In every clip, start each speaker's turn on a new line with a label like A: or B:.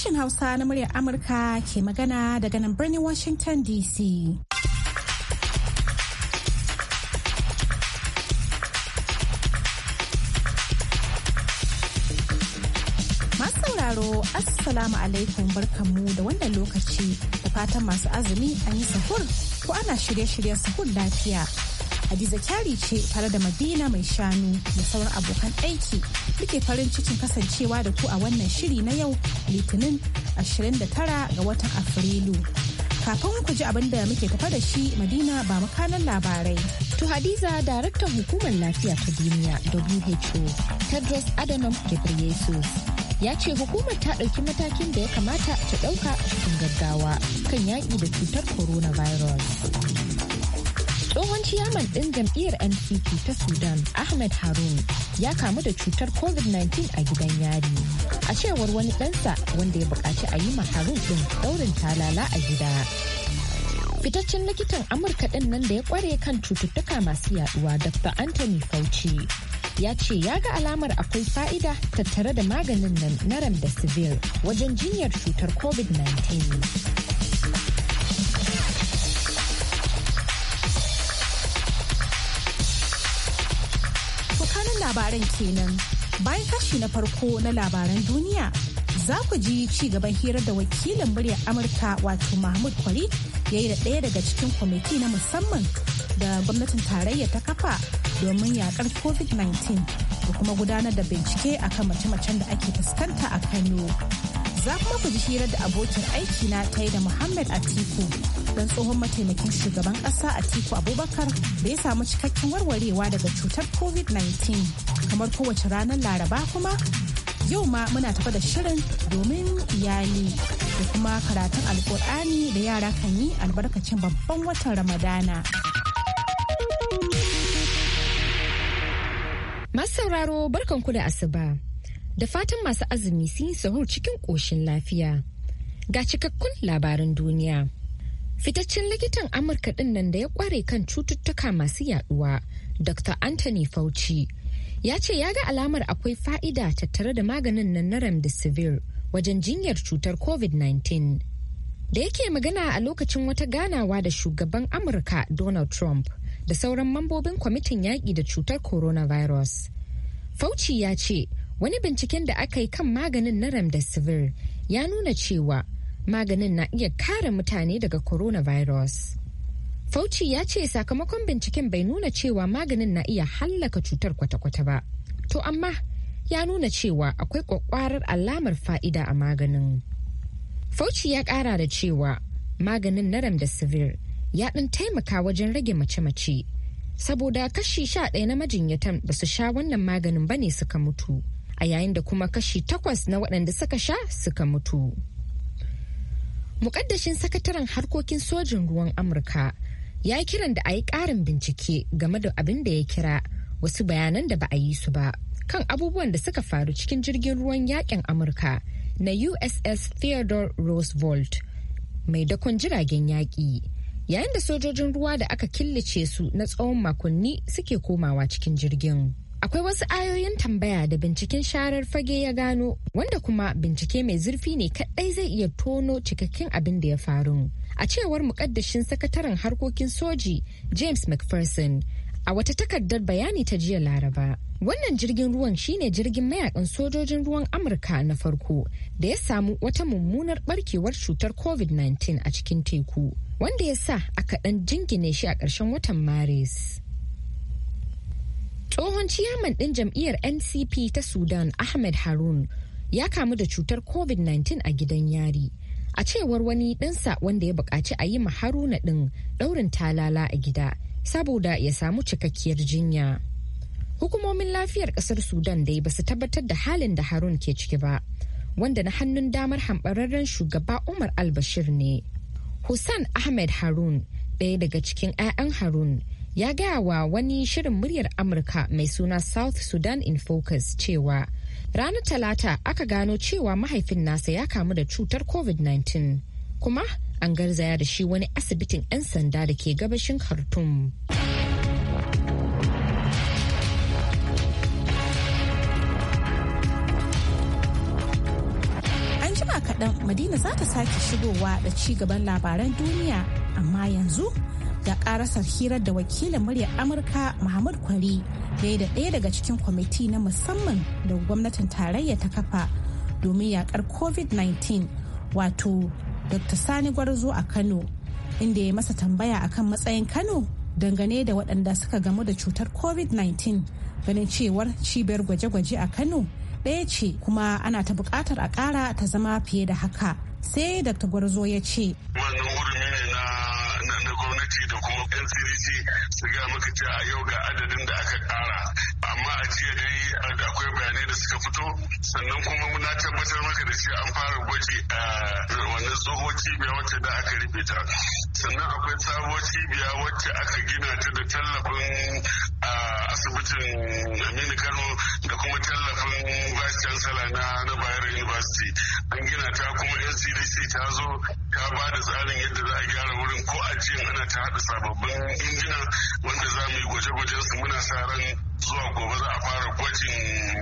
A: Sashen Hausa na muryar Amurka ke magana daga nan birnin Washington DC. Masu sauraro, Assalamu alaikum barkanmu da wannan lokaci da fatan masu azumi an yi sahur ko ana shirye-shiryen sahur lafiya. Hadiza Kyari ce tare da Madina mai shanu da sauran abokan aiki muke farin cikin kasancewa da ku a wannan shiri na yau Litinin 29 ga watan Afrilu. Kafin ku ji abin da muke tafa da shi Madina ba makanan labarai. To Hadiza daraktan hukumar lafiya ta
B: duniya WHO Tedros Adhanom Ghebreyesus ya ce hukumar ta ɗauki matakin da ya kamata ta ɗauka cikin gaggawa kan yaƙi da cutar
C: coronavirus.
B: tsohon ciyaman ɗin jam'iyyar npp ta sudan ahmed harun ya kamu da cutar covid-19 a gidan yari a cewar wani ɗansa wanda ya buƙaci a yi harun ɗin ɗaurin talala a gida fitaccen likitan amurka ɗin nan da ya ƙware kan cututtuka masu yaɗuwa dr anthony fauci ya ce ya ga alamar akwai fa'ida tattare da maganin nan na remdesivir wajen jinyar cutar covid-19
A: labaran kenan. Bayan kashi na farko na labaran duniya, za ku ji ci gaban hirar da wakilin muryar Amurka wato Mahmud Kwari ya yi da ɗaya daga cikin kwamiti na musamman da gwamnatin tarayya ta kafa domin yakar COVID-19 da kuma gudanar da bincike akan mace-macen da ake fuskanta a Kano. za kuma ku ji hirar da abokin aiki na kai da Muhammad Atiku don tsohon mataimakin shugaban ƙasa Atiku Abubakar da ya samu cikakken warwarewa daga cutar COVID-19 kamar kowace ranar Laraba kuma yau ma muna tafa da shirin domin iyali da kuma karatun alkur'ani da yara kan yi albarkacin
B: babban watan Ramadana. masauraro barkan barkanku da asuba. da fatan masu azumi sun yi sahur cikin ƙoshin lafiya. Ga cikakkun labarin duniya. Fitaccen likitan Amurka ɗin nan da ya ƙware kan cututtuka masu yaɗuwa, Dr. Anthony Fauci, ya ce ya ga alamar akwai fa'ida tattare da maganin nan na Remdesivir wajen jinyar cutar COVID-19. Da yake magana a lokacin wata ganawa da shugaban Amurka Donald Trump da sauran mambobin kwamitin yaƙi da cutar coronavirus. Fauci ya ce, Wani binciken da aka yi kan maganin na Remdesivir ya nuna cewa maganin na iya kare mutane daga coronavirus. Fauci ya ce sakamakon binciken bai nuna cewa maganin na iya hallaka cutar kwata-kwata ba. To amma ya nuna cewa akwai kwakwarar alamar fa'ida a maganin. Fauci ya ƙara da cewa maganin na Remdesivir ya ɗin taimaka wajen rage mace-mace. Saboda kashi sha ɗaya na majinyatan ba su sha wannan maganin ba ne suka mutu. a yayin da kuma kashi takwas na waɗanda suka sha suka mutu. Mukaddashin sakataren harkokin sojin ruwan Amurka ya yi kiran da a yi ƙarin bincike game da abin da ya kira wasu bayanan da ba a yi su ba kan abubuwan da suka faru cikin jirgin ruwan yaƙin Amurka na USS Theodore Roosevelt mai dakon jiragen yaƙi. Yayin da sojojin ruwa da aka killace su na tsawon makonni suke komawa cikin jirgin. Akwai wasu ayoyin tambaya da binciken sharar fage ya gano wanda kuma bincike mai zurfi ne kaɗai zai iya tono cikakken abin da ya faru. A cewar mukaddashin sakataren harkokin soji James McPherson a wata takardar bayani ta jiya Laraba. Wannan jirgin ruwan shine jirgin mayakan sojojin ruwan Amurka na farko da ya samu wata mummunar barkewar cutar COVID-19 a cikin teku, wanda ya sa aka ɗan jingine shi a ƙarshen watan Maris. Tsohon ciyaman ɗin jam'iyyar NCP ta Sudan Ahmed Harun ya kamu da cutar COVID-19 a gidan yari. A cewar wani ɗansa wanda ya buƙaci a yi ma Haruna ɗin ɗaurin talala a gida saboda ya samu cikakkiyar jinya. Hukumomin lafiyar ƙasar Sudan dai ba su tabbatar da halin da Harun ke ciki ba, wanda na hannun damar hambararren shugaba Umar al ne. Hussein Ahmed Harun, ɗaya daga cikin 'ya'yan Harun, ya gaya wa wani shirin muryar amurka mai suna south sudan in focus cewa ranar talata aka gano cewa mahaifin nasa ya kamu da cutar covid-19 kuma an garzaya da shi wani asibitin 'yan sanda da ke gabashin khartoum
A: an jima kaɗan madina za ta sake shigowa da ci gaban labaran duniya amma yanzu da karasar hirar da wakilin muryar amurka muhammad kwari ya da ɗaya daga cikin kwamiti na musamman da gwamnatin tarayya ta kafa domin yakar covid-19 wato dr sani gwarzo a kano inda ya masa tambaya akan matsayin kano dangane da waɗanda suka gamu da cutar covid-19 ganin cewar cibiyar gwaje-gwaje a kano ɗaya ce kuma ana ta buƙatar a ƙara ta zama fiye da haka sai dr gwarzo ya ce
D: yan siriti su ga maka cewa a yau ga adadin da aka kara amma a jiya dai akwai bayanai da suka fito sannan kuma muna tabbatar maka da shi an fara gwaji a wannan tsohoci cibiya wacce da aka rufe ta sannan akwai sabuwar cibiya wacce aka gina ta da tallafin asibitin aminu kano da kuma tallafin vice chancellor na na bayero university an gina ta kuma ncdc ta zo ta ba da tsarin yadda za a gyara wurin ko ajiyan ana ta haɗa sababbin injina wanda za mu yi gwaje-gwajen su muna sa ran zuwa gobe za a fara gwajin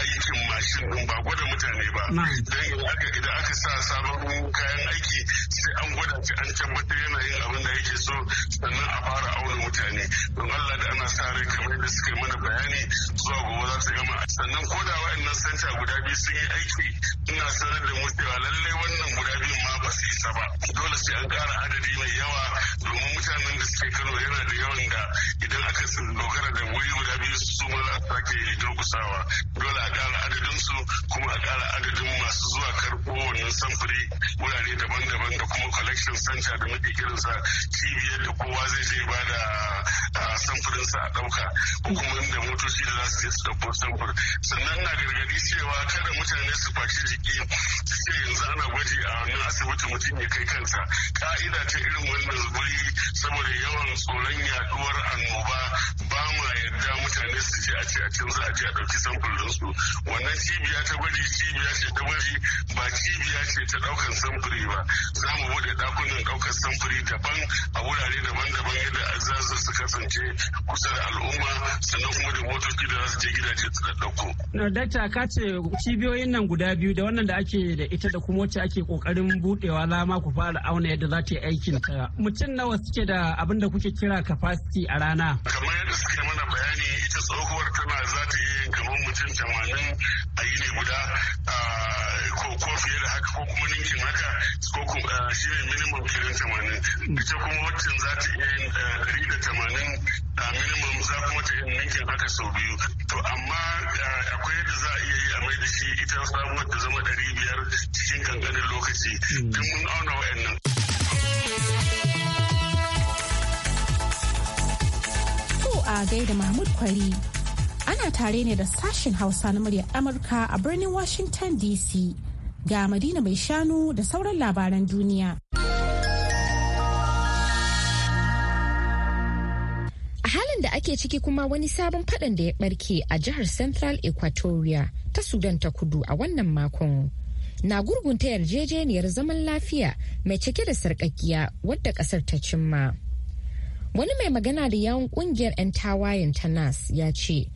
D: aikin mashin din ba gwada mutane ba don idan aka sa sababbin kayan aiki sai an gwada shi an tabbatar yana yin abin da yake so sannan a fara auna mutane don Allah da ana sa rai kamar da suka mana bayani zuwa gobe za su gama sannan ko da wa'annan santa guda biyu sun yi aiki ina sanar da mu cewa lallai wannan guda biyun ma ba su isa ba dole sai an ƙara adadi mai yawa domin mutanen da suke Kano yana da yawan da idan aka dogara da wuri guda biyu su ma za su sake durkusawa dole a ƙara adadin su kuma a ƙara adadin masu zuwa karɓo wannan samfuri wurare daban-daban da kuma collection center da muke kiransa cibiyar da kowa zai je ba da samfurinsa a dauka ko kuma inda motoci da za su je su dauko samfur sannan na gargadi cewa kada mutane su faci jiki ce yanzu ana gwaji a wannan asibiti mutum ya kai kansa ka'ida ta irin wannan wuri saboda yawan tsoron yaduwar annoba ba ma yadda mutane su je a ce a can za a je a ɗauki samfur su wannan cibiya ta gwaji cibiya ce ta gwaji ba cibiya ce ta ɗaukan samfuri ba za mu bude dakunan ɗaukar samfuri wuri daban a wurare daban-daban yadda za su kasance kusa da al'umma sannan kuma da motoci da za su je gidaje
E: su Na Dakta ka ce cibiyoyin nan guda biyu da wannan da ake da ita da kuma wacce ake kokarin buɗewa lama ku fara auna yadda za ta yi aikin ta. Mutum nawa suke da abin da kuke kira capacity a rana?
D: Kamar yadda suke mana bayani ita tsohuwar tana za ta iya kamar mutum tamanin a yi ne guda ko fiye da haka ko kuma ninkin haka ko shi ne minimum kilin tamanin ita kuma waccan za ta iya yin dari da tamanin minimum za kuma ta iya ninkin haka sau biyu to amma akwai yadda za a iya yi a mai da shi ita sabuwar ta zama ɗari biyar cikin kankanin lokaci
A: hmm. tun mun auna wa'annan. a gaida Mahmud Kwari ana tare ne da sashen hausa na murya amurka a birnin washington dc ga madina
B: mai shanu da sauran labaran duniya a halin da ake ciki kuma wani sabon fadan da ya barke a jihar central equatoria ta sudan ta kudu a wannan makon na gurgunta yarjejeniyar zaman lafiya mai cike da sarƙaƙƙiya wadda kasar ta cimma wani mai magana da yawon kungiyar 'yan tawayen ta nas ya ce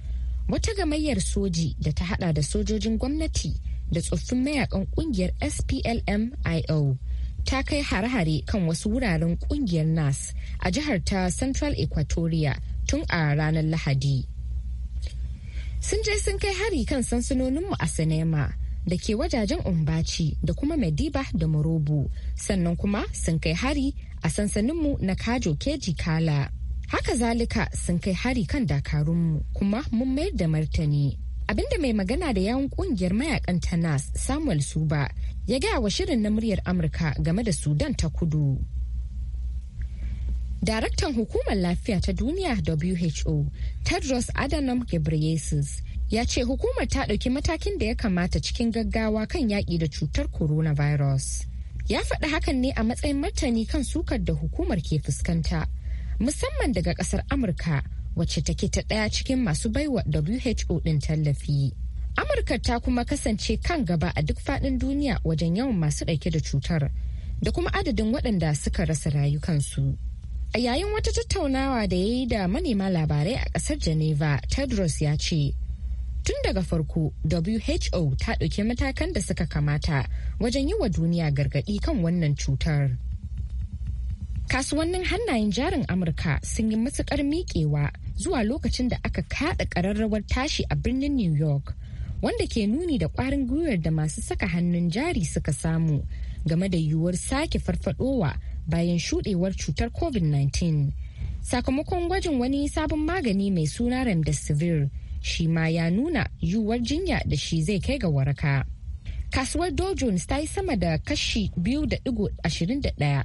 B: wata gamayyar soji da ta hada da sojojin gwamnati da tsoffin mayakan kungiyar splmio ta kai hare-hare kan wasu wuraren kungiyar nas a jihar ta central equatoria tun a ranar lahadi sun je sun kai hari kan sansanoninmu a sinema da ke wajajen umbaci da kuma mediba da morobo sannan kuma sun kai hari a sansaninmu na kajo keji kala haka zalika sun kai hari kan dakarunmu kuma mun mayar da martani abinda mai magana da yawun kungiyar mayakan tanas samuel suba ya gaya wa shirin na muryar amurka game da sudan ta kudu daraktan hukumar lafiya ta duniya who tedros adhanom ghebreyesus ya ce hukumar ta ɗauki matakin da ya kamata cikin gaggawa kan yaƙi da cutar coronavirus ya faɗi hakan ne a matsayin martani kan sukar da hukumar ke fuskanta musamman daga kasar amurka wacce take ta ɗaya cikin masu baiwa who ɗin tallafi amurka ta kuma kasance kan gaba a duk faɗin duniya wajen yawan masu ɗauke da cutar da kuma adadin waɗanda suka rasa rayukansu a yayin wata tattaunawa da ya yi da manema labarai a ƙasar geneva tedros ya ce tun daga farko who ta ɗauki matakan da suka kamata wajen yi wa duniya gargaɗi kan wannan cutar kasuwannin hannayen jarin amurka sun yi matukar miƙewa zuwa lokacin da aka kaɗa ƙararrawar tashi a birnin new york wanda ke nuni da ƙwarin gwiwar da masu saka hannun jari suka samu game da yiwuwar sake farfadowa bayan shuɗewar cutar covid-19 sakamakon gwajin wani sabon magani mai suna remdesivir shi ma ya nuna yiwuwar jinya da shi zai kai ga waraka kasuwar dow jones ta yi sama da kashi 2.21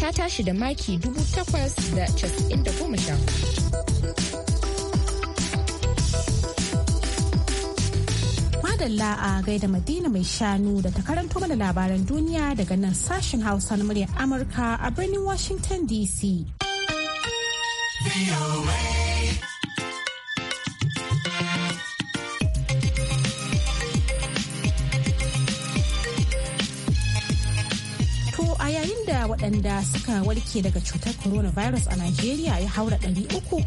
B: ta tashi da maki takwas da 8,914.
A: Madalla a gaida Madina mai shanu da ta karanto mana labaran duniya daga nan sashen Hausa na muryar Amurka a birnin Washington DC. waɗanda suka warke daga cutar coronavirus a Najeriya ya haura ɗari uku.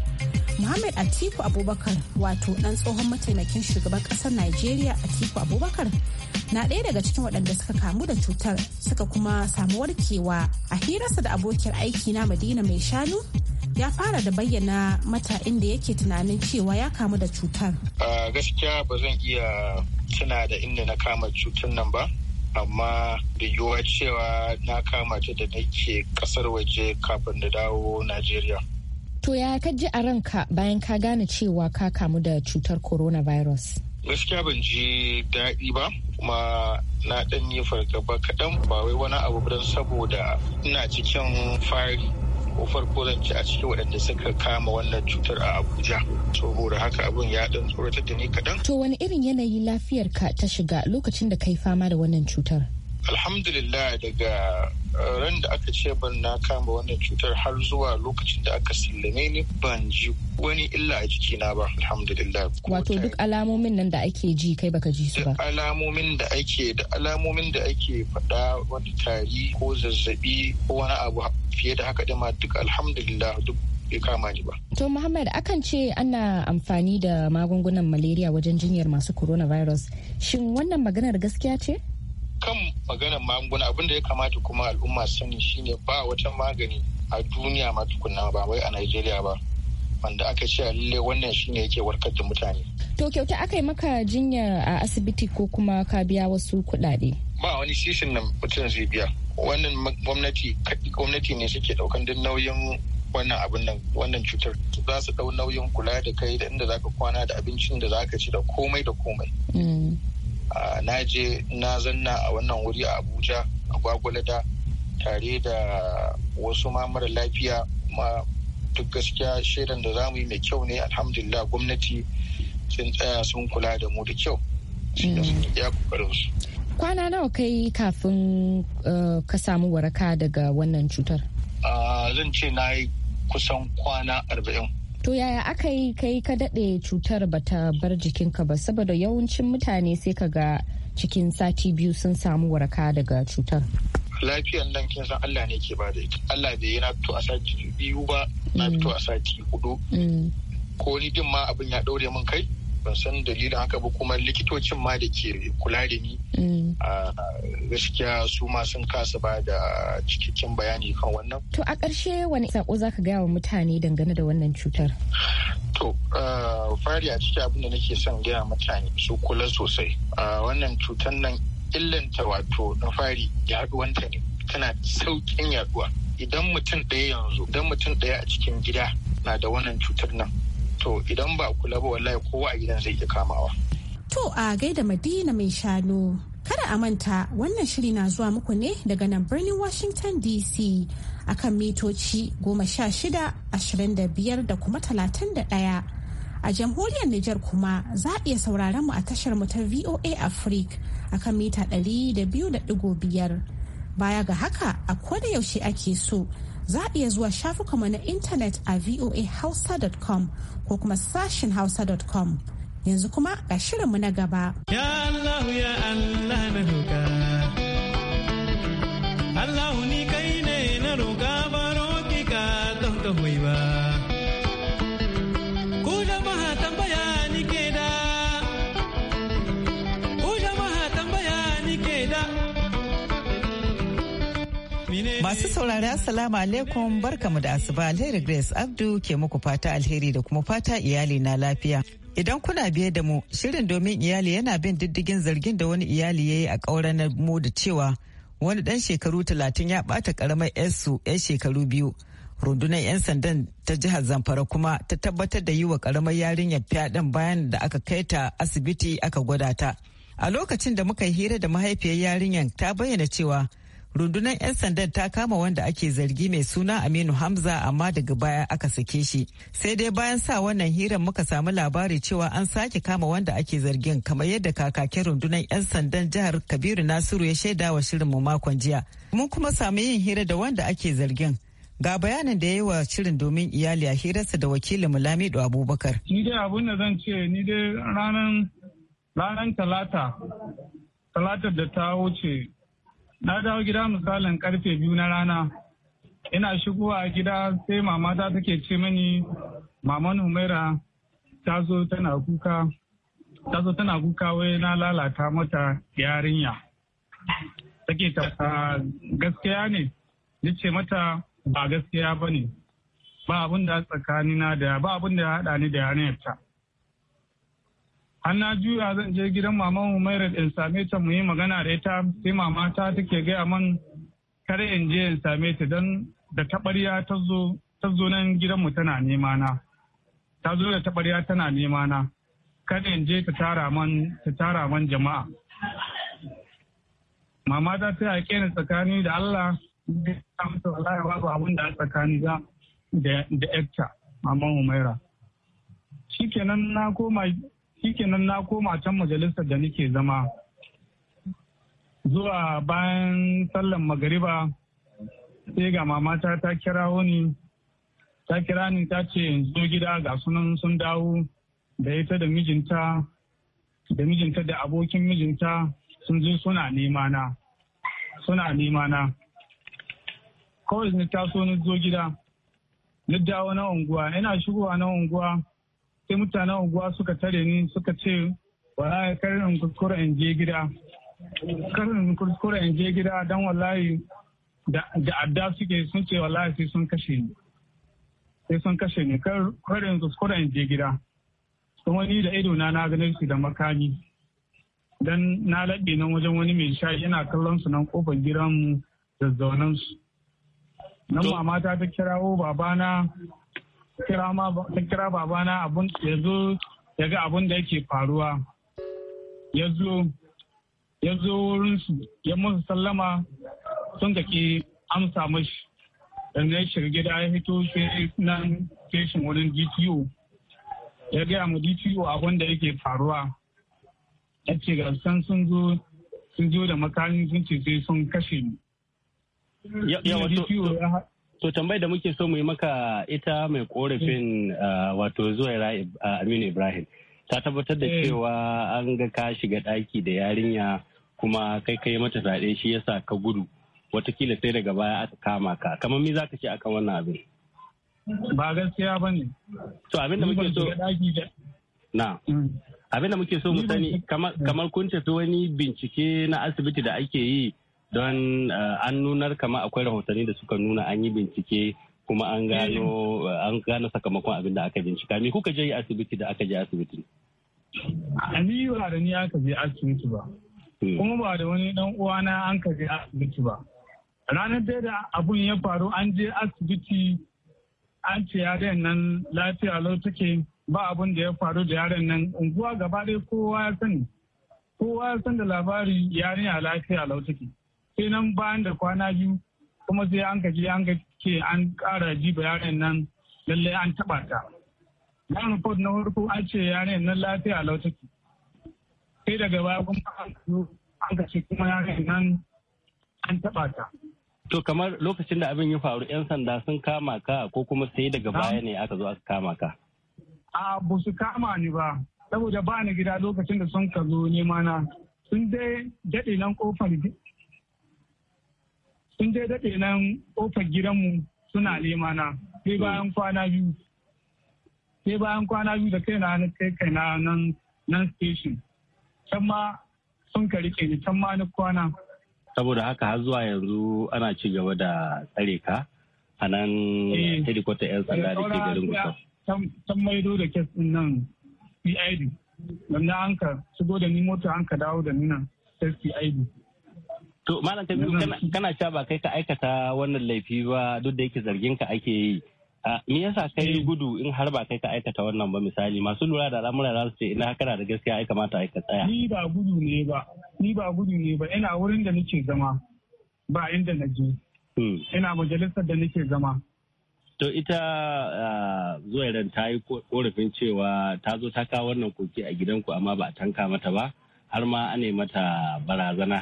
A: Muhammad Atiku Abubakar wato ɗan tsohon mataimakin shugaban ƙasar Najeriya Atiku Abubakar na ɗaya daga cikin waɗanda suka kamu da cutar suka kuma samu warkewa a hirarsa da abokin aiki na Madina mai shanu ya fara da bayyana mata inda yake tunanin cewa ya kamu da cutar.
F: gaskiya ba zan iya tuna da inda na kama cutar nan ba amma da yiwuwa cewa na kama ta da nake kasar waje kafin da dawo najeriya
B: to ya kaji a ranka bayan ka gane cewa ka kamu da cutar coronavirus
F: gaskiya ban ji daɗi ba kuma na ɗan yi fargaba kaɗan ba wai wani abu don saboda ina cikin fari ko farko zan ci a cikin waɗanda suka kama wannan cutar a abuja saboda haka abun ya ɗan tsoratar da ni kaɗan. to
B: wani irin yanayi lafiyarka ta shiga lokacin da kai fama da wannan cutar.
F: alhamdulillah daga eh, ran da aka ce ban na kama wannan cutar har zuwa lokacin da aka sallame ni ban ji wani illa a jikina ba alhamdulillah
B: wato duk alamomin nan da ake ji kai baka ji su ba
F: alamomin da ake da alamomin da ake faɗa wani tari ko zazzabi ko wani abu fiye da haka dama duk alhamdulillah duk bai kama ni ba.
B: To Muhammad akan ce ana amfani da magungunan malaria wajen jinyar masu coronavirus. Shin wannan maganar gaskiya ce?
F: kan maganar magunguna abin da ya kamata kuma al'umma sani shine ba wata magani a duniya ma tukunna ba wai a Najeriya ba wanda aka ce lalle wannan shine yake warkar da mutane.
B: To kyauta aka yi maka jinya a asibiti ko kuma ka biya wasu kuɗaɗe?
F: Ba wani sishin nan mutum zai biya. Wannan gwamnati gwamnati ne suke ɗaukan duk nauyin wannan abin nan wannan cutar za su dau nauyin kula da kai da inda zaka kwana da abincin da zaka ci da komai da komai. Mm. na je na zanna a wannan wuri a abuja a gwagwalada tare da wasu ma lafiya ma duk gaskiya shaidan da za mu yi mai kyau ne alhamdulillah gwamnati sun tsaya sun kula da mu da kyau mm. ya su.
B: kwana nawa kai kafin eh, ka samu waraka daga wannan cutar
F: zan ce na yi kusan kwana arba'in
B: To yaya aka yi kai ka daɗe cutar bata bar jikinka ba saboda yawancin mutane sai ka ga cikin sati biyu sun samu waraka daga cutar.
F: lafiyan nan kin san Allah ne ke ba da ita Allah bai yi na fito a sati biyu ba na mm. fito a sati hudu mm. ko ni din ma abin ya ɗaure min kai ban san dalilin haka ba kuma likitocin ma da ke kula da ni mm. gaskiya su ma sun kasa ba da cikakken bayani kan wannan
B: to a ƙarshe wani sako zaka gaya wa mutane dangane da wannan cutar
F: to fari a cikin abin da nake son gaya mutane su kula sosai wannan cutar nan illanta wato na fari yaduwanta ne tana sauƙin yaduwa idan mutum ɗaya yanzu idan mutum ɗaya a cikin gida na da wannan cutar nan to idan ba kula ba wallahi kowa a gidan zai iya kamawa.
A: To a gaida Madina mai shanu. Kada a manta wannan shiri na zuwa muku ne daga nan birnin Washington DC akan mitoci goma sha shida ashirin da biyar da kuma talatin da ɗaya. A jamhuriyar Nijar kuma za a iya sauraron mu a tashar mu ta VOA Africa akan mita ɗari da biyu da ɗigo biyar. Baya ga haka a koda yaushe ake so za a iya zuwa shafukanmu na intanet a voahausa.com ko kuma sashin hausa.com. Yanzu kuma ga shirinmu na gaba.
G: Ya Allah ya Allah
E: na Allah ni kai
H: Masu saurari Assalamu alaikum barkamu da asuba alheri Grace Abdu ke muku fata alheri da kuma fata iyali na lafiya. Idan kuna biye da mu, shirin domin iyali yana bin diddigin zargin da wani iyali ya yi a ƙauran mu da cewa wani ɗan shekaru talatin ya ɓata ƙaramar 'yarsu 'yan shekaru biyu. rundunar 'yan sandan ta jihar zamfara kuma ta tabbatar da yi wa ƙaramar yarinyar fyaɗen bayan da aka kai ta asibiti aka gwada ta a lokacin da muka yi hira da mahaifiyar yarinyar ta bayyana cewa rundunar 'yan sandan ta kama wanda ake zargi mai suna aminu hamza amma daga baya aka sake shi sai dai bayan sa wannan hirar muka samu labari cewa an sake kama wanda ake zargin kamar yadda kakakin rundunar 'yan sandan jihar kabiru nasiru ya shaida wa mu makon jiya mun kuma samu yin hira da wanda ake zargin ga bayanin da ya yi wa shirin domin iyali a hirarsa da wakilin mulamido abubakar
G: ni dai abin da zan ce ni dai ranar talata talatar da ta wuce Na dawo gida misalin karfe biyu na rana. Ina shigowa gida sai mama ta take ce mani maman Humaira ta zo tana kuka ta zo tana kuka wai na lalata mata yarinya. Take ta gaskiya ne, ce mata ba gaskiya ba ne, ba abin da tsakanina da ba abin da haɗa ni da yarinyarta. har na juya zan je gidan maman Umairu in same ta mu yi magana da ita sai mama ta take gaya man kare in je in same ta don da taɓarya ta zo ta zo nan tana nema na ta zo da taɓarya tana nema na kada in je ta tara man ta tara man jama'a mama ta ta yake ni tsakani da Allah da ta mutu wallahi babu abin da a tsakani da da ekta maman Umaira shikenan na koma shikenan na koma can majalisar da nake zama zuwa bayan sallan magariba sai ga mamata ta kira wani ta kira ni ta ce zo gida ga sunan sun dawo da ita da mijinta da mijinta da abokin mijinta sun je suna nema na suna nemana kawai ni taso ni zo gida ni dawo na unguwa yana shigowa na unguwa sai mutanen unguwa suka tare ni suka ce wallahi karin kuskure in je gida karin kuskure in je gida dan wallahi da adda suke sun ce wallahi sai sun kashe ni sai sun kashe ni karin kuskure in je gida kuma ni da ido na na su da makami dan na laɓe nan wajen wani mai sha yana kallon su nan kofar gidan zaunan su nan mama ta ta kirawo babana ta kira babana abun ya zo ya ga abun da yake faruwa ya zo wurinsu ya musu sallama sun gaki amsa mashi yanzu ya shiga gida ya fito sai nan station wurin dto ya gaya mu dto abun da yake faruwa ya ce ga sun zo sun zo da makami sun ce sai sun kashe ni.
E: To tambayar da muke so mu yi maka ita mai korafin mm. uh, wato zuwa uh, Aminu Ibrahim. Ta tabbatar da mm. cewa an ga ka shiga ɗaki da yarinya kuma kai kai mata fyaɗe shi yasa ka gudu. Watakila sai daga baya aka kama ka. Kamar me za ka ce akan wannan abin? Ba gaskiya ba ne. To abin da muke so. Na. Mm. Abin da muke so mu sani kamar kun tafi wani bincike na asibiti da ake yi don eh, an nunar kama akwai rahotanni da suka nuna an yi bincike kuma an gano eh, an gano sakamakon abin da aka bincika me kuka je asibiti da aka je asibiti
G: ni ba da ni aka je asibiti ba hmm. kuma ba da wani dan uwana an ka je asibiti ba ranar da abun ya faru an je asibiti an ce yaren nan lafiya lau take ba abun da ya faru da yaren nan unguwa gaba ɗaya kowa ya sani kowa ya san da labari yarinya lafiya lau take sai nan bayan da kwana biyu kuma sai an kaji an ce an ƙara ji bayanin nan lallai an taɓa ta na report na farko an ce yaren nan lafiya lau ke. sai daga baya kuma an zo an ka ce kuma yaren nan an taɓa ta
E: To kamar lokacin da abin ya faru 'yan sanda sun kama ka ko kuma sai daga baya ne aka zo aka kama ka?
G: A ba su kama ni ba, saboda ba ni gida lokacin da sun ka zo nema na sun dai daɗe nan kofar sun dai daɗe nan ƙofar gidanmu suna lemana sai hmm. bayan kwana biyu sai bayan kwana biyu da kai na kai kai na nan nan station can ma sun ka rike ni can ma ni kwana
E: saboda haka har zuwa yanzu ana ci gaba da tsare ka a nan eh. helikwatar yan sanda da ke garin gusa
G: can maido da kes din nan PID wanda an ka shigo da ni mota an ka dawo da ni nan sai PID
E: To malam Kabiru kana cewa ba kai ka aikata wannan laifi ba duk da yake zargin ka ake yi. Me yasa kai eh. gudu in har ba kai ka aikata wannan ba misali masu lura da al'amura za su ce ina haka da gaskiya ai kamata ai ka tsaya. Ni
G: ba gudu ne ba ni ba gudu ne ba ina wurin da nake zama ba inda na je. Hmm. Ina majalisar da nake zama.
E: To ita zuwa ran ta yi korafin cewa ta zo ta kawo wannan koki a gidanku amma ba a tanka mata ba har ma ane mata barazana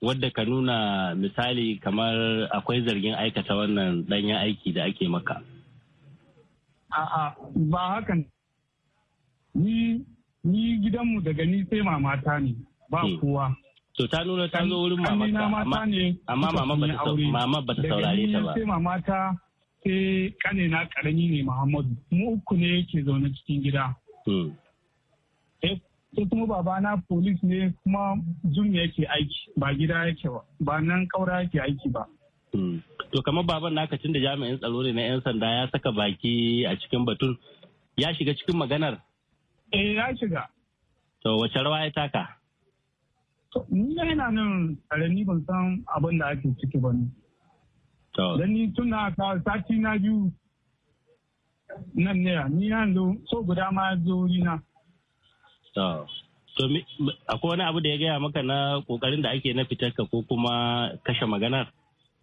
E: wadda ka nuna misali kamar akwai zargin aikata wannan danyen aiki da ake maka?
G: A'a ba hakan ni ni gidanmu daga ni sai mamata ne ba hmm. kowa.
E: To ta nuna ta zo wurin mamata amma
G: mama ba ta saurare ta ba. Sai mamata sai kane na karami ne Muhammadu mu uku ne yake zaune cikin gida. Hmm. sai kuma babana polis ne kuma zum yake aiki ba gida yake ba ba nan kaura yake
E: aiki ba hmm. to kamar baban naka tun da jami'in tsaro ne na 'yan sanda ya saka baki a cikin batun ya shiga cikin maganar eh ya shiga to wace rawa ya taka
G: ni na yana nan ni ban san abin da ake ciki ba
E: ne dan
G: ni tun na sati na biyu nan ne ni yanzu so guda ma zo na
E: akwai wani abu da ya gaya maka na kokarin da ake na fitar ka ko kuma kashe maganar?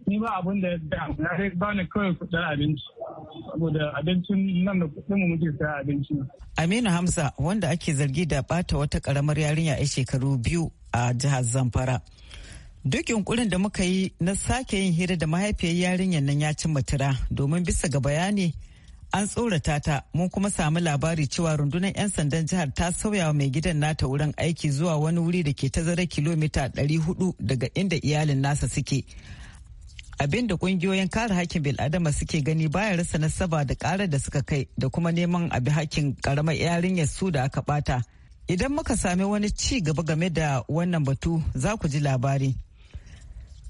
H: Ni ba abin da na ba ni kawai kudin abinci. Saboda abincin nan da kudin mu muke saya abinci. Aminu Hamza wanda ake zargi da bata wata karamar yarinya ya shekaru biyu a jihar Zamfara. Duk yunkurin da muka yi na sake yin hira da mahaifiyar yarinyar nan ya cimma matura domin bisa ga bayani an tsorata ta mun kuma samu labari cewa rundunar 'yan sandan jihar ta sauya wa mai gidan nata wurin aiki zuwa wani wuri da ke tazara kilomita 400 daga inda iyalin nasa suke abin da kungiyoyin kare hakkin bil'adama suke gani baya rasa nasaba da karar da suka kai da kuma neman abi hakkin karamar yarinyar su da aka bata idan muka sami wani ci gaba game da wannan batu za ku ji labari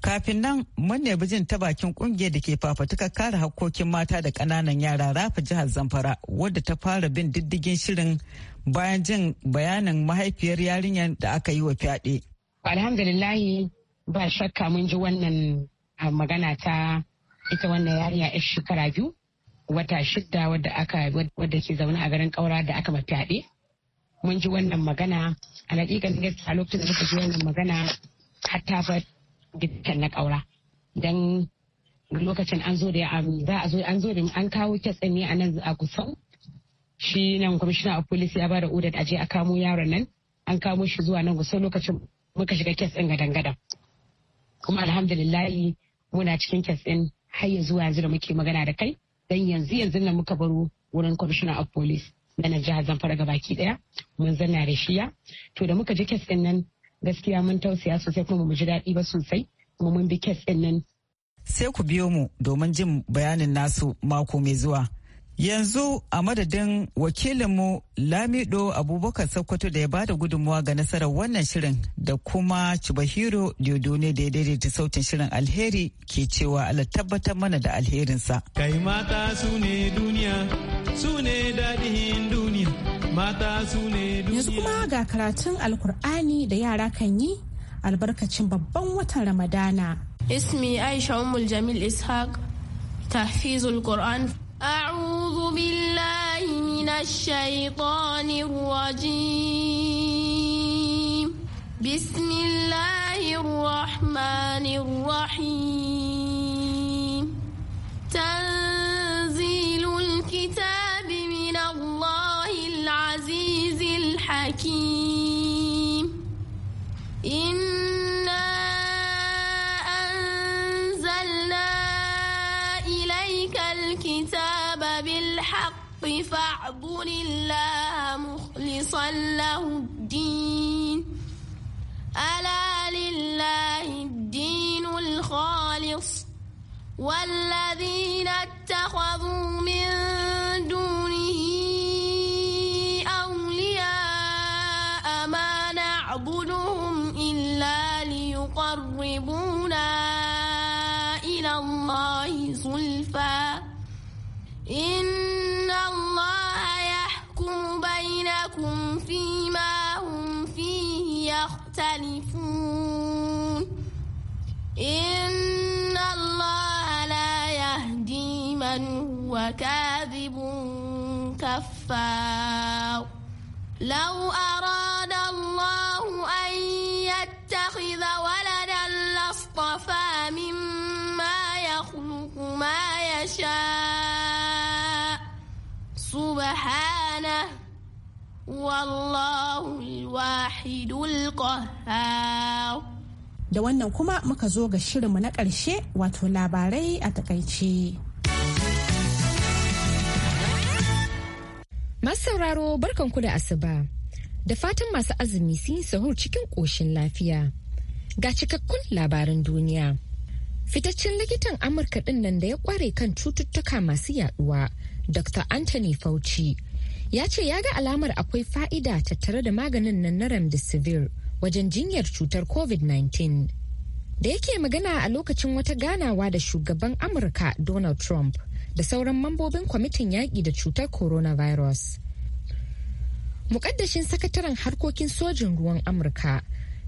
H: kafin nan mun nemi jin ta bakin kungiyar da ke fafatukar kare hakkokin mata da ƙananan yara rafa jihar zamfara wadda ta fara bin diddigin shirin bayan jin bayanin mahaifiyar
A: yarinyar da aka yi wa fyaɗe. alhamdulillahi ba shakka mun ji wannan ah, magana ta ita wannan yarinya yar shekara biyu wata shidda wadda aka wadda ke zaune a garin kaura da aka fyaɗe mun ji wannan magana a a lokacin da muka ji wannan magana hatta dukkan na kaura don lokacin an zo da za a zo an zo da an kawo kes ne a nan a kusan shi nan kwamishina a polis ya bada odar aje a kamo yaron nan an kamo shi zuwa nan kusan lokacin muka shiga kes ɗin gadan-gadan kuma alhamdulillahi muna cikin kes ɗin har ya zuwa yanzu da muke magana da kai dan yanzu yanzu nan muka baro wurin kwamishina a polis na nan jihar zamfara gabaki daya mun zanna da shiya to da muka je kes ɗin nan gaskiya mun tausaya sosai kuma mu ji daɗi ba sosai kuma mun bi kes ɗin nan.
H: Sai ku biyo mu domin jin bayanin nasu mako mai zuwa. Yanzu a madadin wakilinmu Lamido Abubakar Sokoto da ya bada gudunmuwa ga nasarar wannan shirin da kuma Chibahiro Diodone da ya daidaita sautin shirin alheri ke cewa ala tabbatar mana da alherinsa.
E: Kai mata su ne duniya, su ne daɗin duniya. mata yanzu kuma ga karatun
A: alkur'ani da yara kan yi albarkacin babban watan ramadana
C: ismi aisha umul jamil ishaq tahfizul qur'an أعوذ بالله من الشيطان 'bismillahi' بسم الله إنا أنزلنا إليك الكتاب بالحق فاعبد الله مخلصا له الدين ألا لله الدين الخالص والذي كاذب كفار لو أراد الله أن يتخذ ولدا لاصطفى مما يخلق ما يشاء سبحانه والله الواحد القهار
A: da wannan kuma muka zo ga shirinmu na ƙarshe
B: wato labarai a takaice. Masu sauraro barkanku da asuba. Da fatan masu azumi sun yi sahur cikin ƙoshin lafiya. Ga cikakkun labarin duniya. Fitaccen likitan Amurka ɗin nan da ya ƙware kan cututtuka masu yaɗuwa, Dr. Anthony Fauci, ya ce ya ga alamar akwai fa'ida tattare da maganin nan na Remdesivir wajen jinyar cutar COVID-19. Da yake magana a lokacin wata ganawa da shugaban Amurka Donald Trump. da sauran mambobin kwamitin yaƙi da cutar coronavirus. Mukaddashin sakataren harkokin sojin ruwan Amurka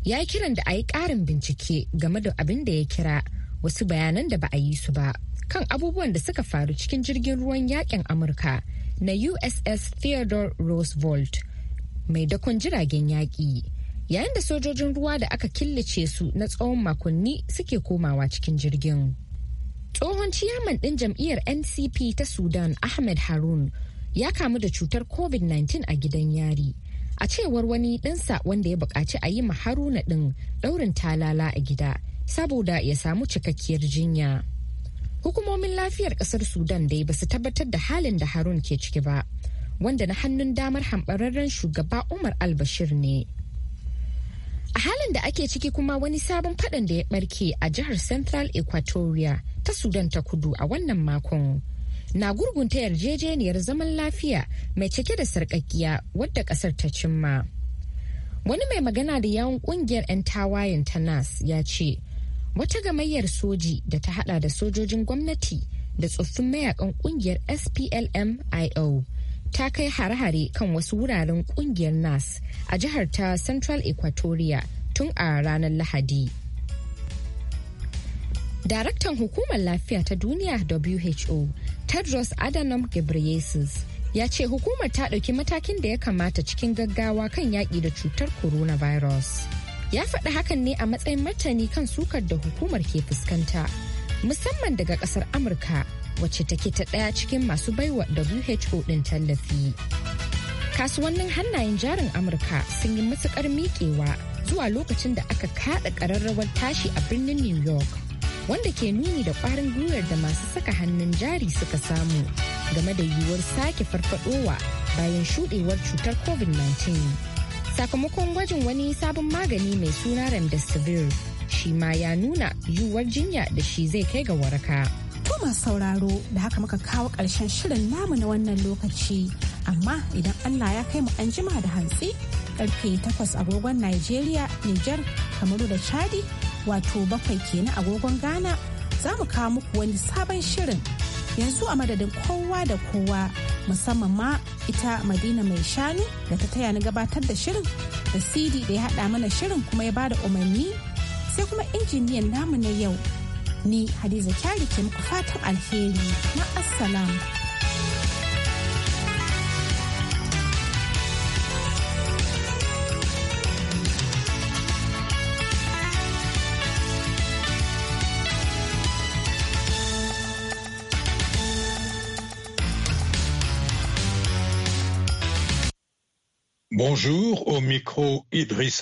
B: ya yi kiran da a yi ƙarin bincike game da abin da ya kira wasu bayanan da ba a yi su ba kan abubuwan da suka faru cikin jirgin ruwan yaƙin Amurka na USS Theodore Roosevelt mai dakon jiragen yaƙi. Yayin da sojojin ruwa da aka killace su na tsawon makonni suke komawa cikin jirgin. Tsohon ciyaman ɗin jam'iyyar NCP ta Sudan Ahmed Harun ya kamu da cutar COVID-19 a gidan yari. A cewar wani ɗansa wanda ya buƙaci a yi Haruna ɗin ɗaurin talala a gida saboda ya samu cikakkiyar jinya. Hukumomin lafiyar ƙasar Sudan dai ba su tabbatar da halin da Harun ke ciki ba, wanda na hannun damar hambararren shugaba Umar albashir ne. A halin da ake ciki kuma wani sabon fadan da ya barke a jihar Central Equatoria ta Sudan ta kudu a wannan makon. Na gurgunta yarjejeniyar zaman lafiya mai cike da sarƙaƙiya wadda ƙasar ta cimma. Wani mai magana da yawon ƙungiyar 'yan tawayen ta NAS ya ce, wata gamayyar soji da ta hada da sojojin gwamnati da tsoffin mayakan ƙungiyar SPLM-IO ta kai hare-hare kan wasu wuraren kungiyar nas a jihar ta central equatoria tun a ranar lahadi daraktan hukumar lafiya ta duniya who tedros adhanom ghebreyesus ya ce hukumar ta ɗauki matakin da ya kamata cikin gaggawa kan yaƙi da cutar coronavirus ya faɗi hakan ne a matsayin martani kan sukar da hukumar ke fuskanta musamman daga ƙasar amurka wacce take ta ɗaya cikin masu baiwa WHO din tallafi. Kasuwannin hannayen jarin Amurka sun yi matukar miƙewa zuwa lokacin da aka kaɗa ƙararrawar tashi a birnin New York, wanda ke nuni da ƙwarin gwiwar da masu saka hannun jari suka samu game da yiwuwar sake farfadowa bayan shuɗewar cutar COVID-19. Sakamakon gwajin wani sabon magani mai suna Remdesivir shi ma ya nuna yiwuwar jinya da shi zai kai ga waraka.
A: masu sauraro da haka muka kawo ƙarshen shirin namu na wannan lokaci amma idan Allah ya kai mu an jima da hantsi karfe takwas agogon Najeriya, niger Kamaru da Chadi wato bakwai kenan agogon Ghana za mu kawo muku wani sabon shirin yanzu a madadin kowa da kowa musamman ma ita Madina mai shanu da ta taya ni gabatar da shirin da CD da ya haɗa mana shirin kuma ya bada umarni sai kuma injiniyan namu na yau ni hadiza kyari ke muku fatan alheri ma'assalam.
B: Bonjour, au micro Idrissa